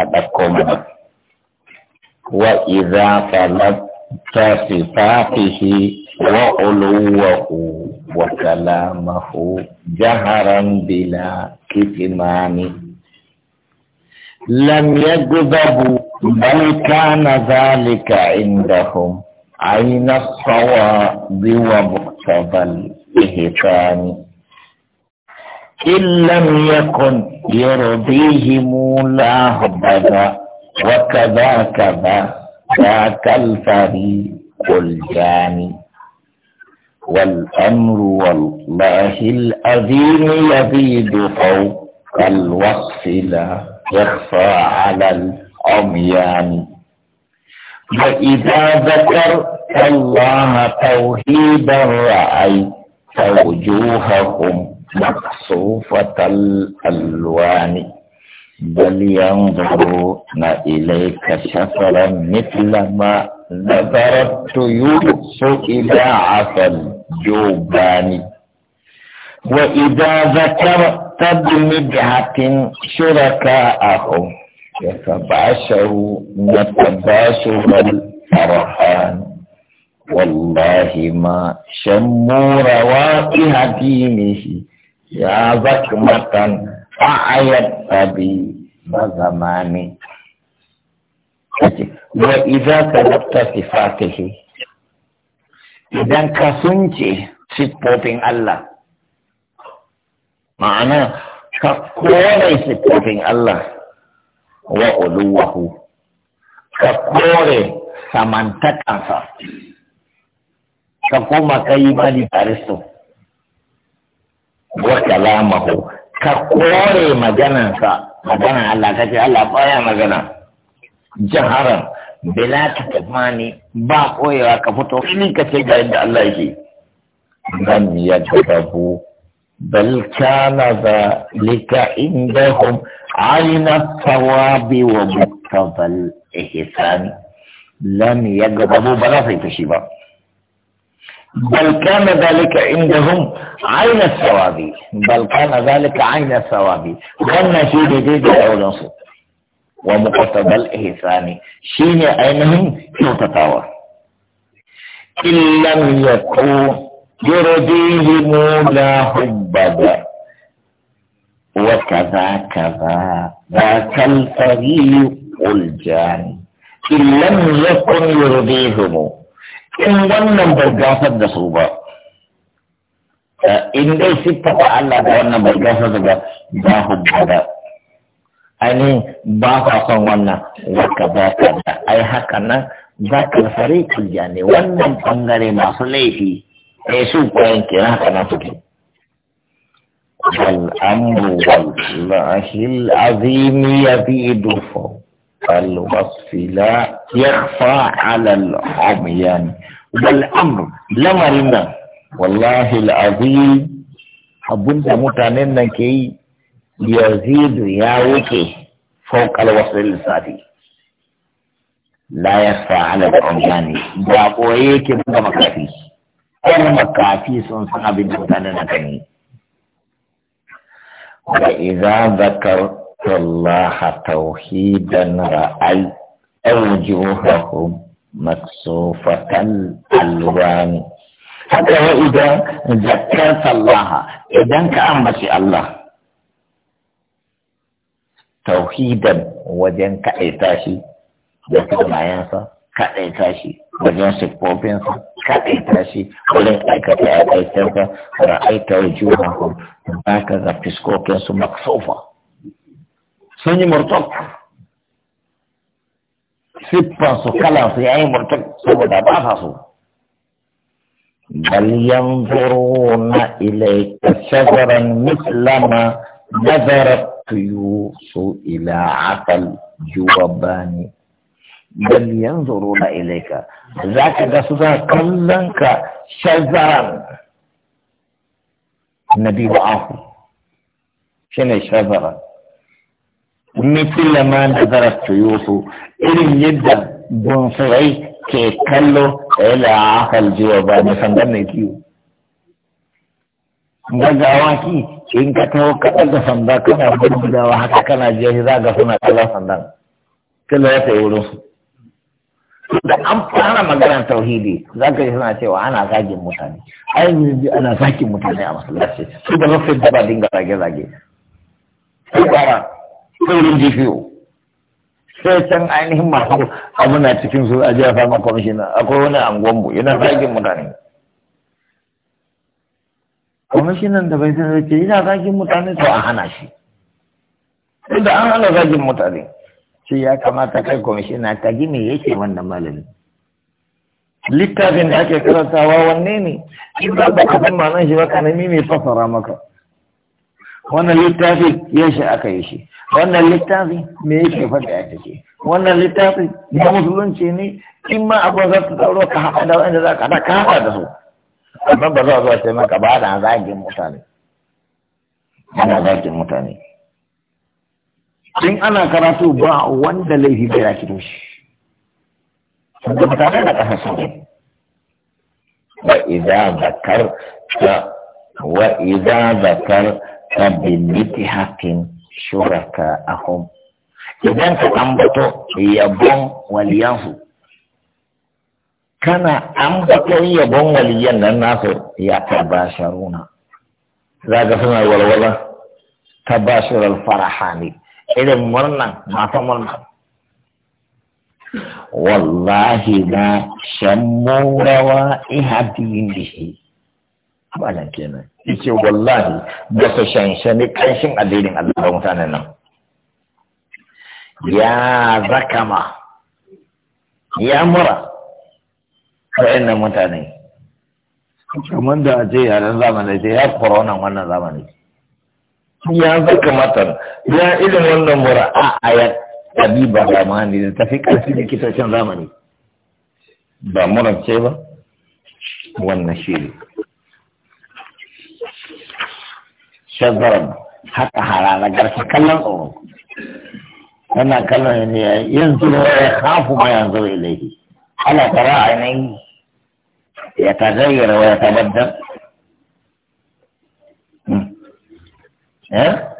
a ɗauko mana wa idza falabta sifatihi wa uluwahu wa kalamahu jaharan bila kitmani lam yagdabu بل كان ذلك عندهم عين الصواب ومقتضى الإهتام إن لم يكن يرضيهم الله بدا كذا ذاك الفريق الجاني والأمر والله الأذين يزيد فوق الوصف لا يخفى على العميان وإذا ذكرت الله توحيدا رأيت وجوههم مقصوفة الألوان بل ينظرون إليك شفرا مثل ما نظرت يوسف إلى عفا الجوبان وإذا ذكرت بمدعة شركاءهم يتباشروا يتباشر الفرحان والله ما شموا روائح دينه ya zakmatan fa'ayat tabi bazamani wa idza talabta sifatihi idan ka sunce siffofin Allah ma'ana ka kore sifofin Allah wa uluwahu ka kore samantakansa ka koma ka yi mani da wa kalamahu ka kore maganansa magana Allah kace Allah baya magana jaharan bila tafani ba koyewa ka fito ni ka ce ga yadda Allah yake dan ya tabu bal kana lika indahum aina thawabi wa muqtabal ihsan lam yaghdabu ba za su yi shi ba بل كان ذلك عندهم عين الثواب بل كان ذلك عين الثواب وانا شيء جديد اولا ومقتضى الاحسان شين عينهم يتطاوى ان لم يكون يرضيهم لا حب وكذا كذا ذاك الفريق الجاني إن لم يكن يرضيهم in wannan bai gasar da su ba eh, in dai siffata Allah da wannan bai gasar da ba ba ku bada ani ba ka son wannan zaka ba ka da ai haka nan za ka fare kulja ne wannan bangare masu laifi e su kwayan kira haka nan suke الأمر والله العظيم يزيد فوق الوصف لا يخفى على العميان والامر لما لنا والله العظيم حبنت متنن كي يزيد يا فوق الوصف الصادي لا يخفى على العميان بابو هيك بابا مكافي انا مكافي سن سنه بنت كني واذا ذكرت الله توحيدا رأيت أوجوههم مكسوفة الألوان حتى وإذا ذكرت الله إذا كأمشي الله توحيدا وجن كأيتاشي وكذا ما ينسى كأيتاشي وجن سكوبينسا كأيتاشي ولن أيكت أيتاشي رأيت وجوههم هكذا في سكوبينسا مكسوفة سني مرتب سيب فاسو كلام في أي مرتب سوى دابا فاسو بل ينظرون إليك شجرا مثلما نظرت الطيوس إلى عقل جوبان بل ينظرون إليك ذاك دسوزا كلنك شجرا النبي وعفو شنو شجرا yadda ما ke kallo إذن يبدأ بنصري كي jiwa ba عقل جيوبا na kiwo gaggawa ki in ka taho ka ɗaga sanda kana gudawa haka kana jiya za ga suna kallon sandan kila ya yi wurin su da an fara maganar tauhidi za ka yi suna cewa ana zagin mutane ai yanzu ana zagin mutane a masallaci su ba za su da ba dinga zage-zage sai fara saurin jifiyo sai can ainihin masu abu na cikin su a jiya fama kwamishina akwai wani angonbu. yana zagin mutane kwamishinan da bai sanar ce yana zagin mutane to a hana shi da an hana zagin mutane shi ya kamata kai kwamishina ta ji me yake wannan malami littafin da ake karantawa wanne ne in ba ka san nan shi ba ka nemi mai fasara maka wannan littafi shi aka yi shi wannan littafi me yake faɗa ya take wannan littafi na musulunci ne in ma abin za ta tsaro ka haɗa da wanda za ka haɗa ka haɗa da su amma ba za a ce maka ba da zagin mutane ana zagin mutane in ana karatu ba wanda laifi bai ya kito shi da mutane da ƙasa sun ba idan zakar ta wa idan zakar بمدحة شركاءهم إذا تأمبتو يبون ولياه كان أمبتو يبون وليان الناس يتباشرون ذاك سنة والولا تباشر الفرحاني إذا مرنا ما تمرنا والله ما شموا روائها دينه malam kenan yace wallahi ba su shanshani kanshin addinin Allah ba mutanen nan ya zakama ya mura nan mutane kamar da a ce yaren zamanin ce ya kura wannan zamanin ya matar ya irin wannan mura a ayat ba zamani da tafi ƙarfi da kitocin zamani ba mura ce ba wannan shi شيخ ضرب حتى حرام جالس يتكلم انا كلمه ينزل ويخاف ما ينظر اليه الا ترى عيني يتغير ويتبدل ها؟